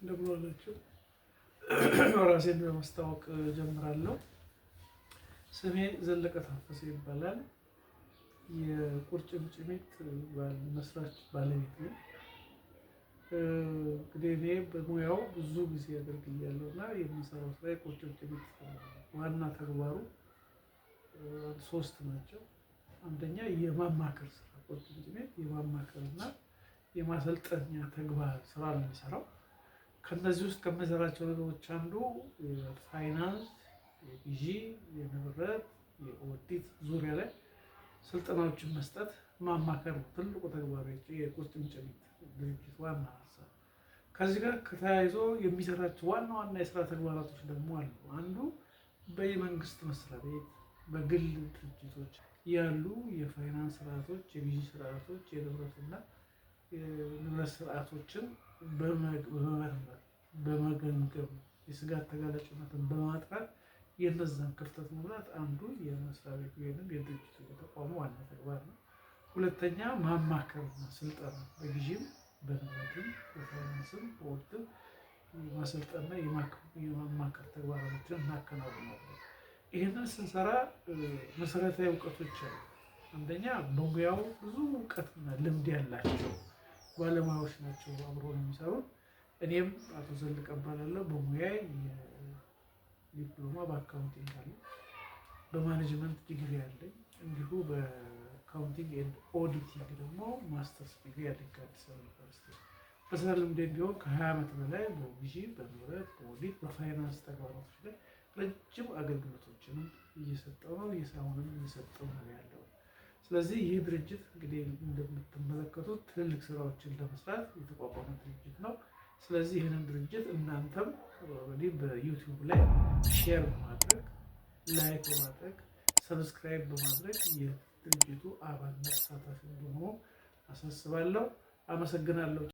እንደምን ዋላችሁ። ራሴን በማስታወቅ ጀምራለሁ። ስሜ ዘለቀ ታፈሰ ይባላል። የቁርጭምጭሚት መስራች ባለቤት ነው። እንግዲህ እኔ በሙያው ብዙ ጊዜ አገልግያለሁ እና የምሰራው ስራ የቁርጭምጭሚት ዋና ተግባሩ ሶስት ናቸው። አንደኛ የማማከር ስራ፣ ቁርጭምጭሚት የማማከር እና የማሰልጠኛ ተግባር ስራ ነው የሚሰራው ከነዚህ ውስጥ ከምንሰራቸው ነገሮች አንዱ የፋይናንስ፣ የግዢ፣ የንብረት፣ የኦዲት ዙሪያ ላይ ስልጠናዎችን መስጠት ማማከር ትልቁ ተግባር የቁርጭምጭሚት ድርጅት ዋና ሀሳብ። ከዚህ ጋር ከተያይዞ የሚሰራቸው ዋና ዋና የስራ ተግባራቶች ደግሞ አሉ። አንዱ በየመንግስት መስሪያ ቤት በግል ድርጅቶች ያሉ የፋይናንስ ስርዓቶች፣ የግዢ ስርዓቶች፣ የንብረትና የንብረት ስርዓቶችን በመገምገም የስጋት ተጋላጭነትን በማጥራት የነዛን ክፍተት መሙላት አንዱ የመስሪያ ቤቱ ወይም የድርጅቱ የተቋሙ ዋና ተግባር ነው። ሁለተኛ ማማከርና ስልጠና በጊዜም በንብረትም በፋይናንስም በወቅትም ማሰልጠንና የማማከር ተግባራቶችን እናከናውናለን። ይህንን ስንሰራ መሰረታዊ እውቀቶች አሉ። አንደኛ በሙያው ብዙ እውቀትና ልምድ ያላቸው ባለሙያዎች ናቸው አብሮ ነው የሚሰሩት። እኔም አቶ ዘለቀ እባላለሁ። በሙያ ዲፕሎማ በአካውንቲንግ አለ፣ በማኔጅመንት ዲግሪ አለኝ። እንዲሁ በአካውንቲንግ ኤንድ ኦዲቲንግ ደግሞ ማስተርስ ዲግሪ አለኝ ከአዲስ አበባ ዩኒቨርሲቲ። በስራ ልምዴ ቢሆን ከሀያ ዓመት በላይ በግዢ፣ በንብረት፣ በኦዲት፣ በፋይናንስ ተግባራቶች ላይ ረጅም አገልግሎቶችንም እየሰጠው ነው እየሳሁንም እየሰጠው ነው ያለው። ስለዚህ ይህ ድርጅት እንግዲህ እንደምትመለከቱት ትልልቅ ስራዎችን ለመስራት የተቋቋመ ድርጅት ነው። ስለዚህ ይህንን ድርጅት እናንተም በዩቲዩብ ላይ ሼር በማድረግ ላይክ በማድረግ ሰብስክራይብ በማድረግ የድርጅቱ አባልነት ተሳታፊ እንደሆኑ አሳስባለሁ። አመሰግናለሁ።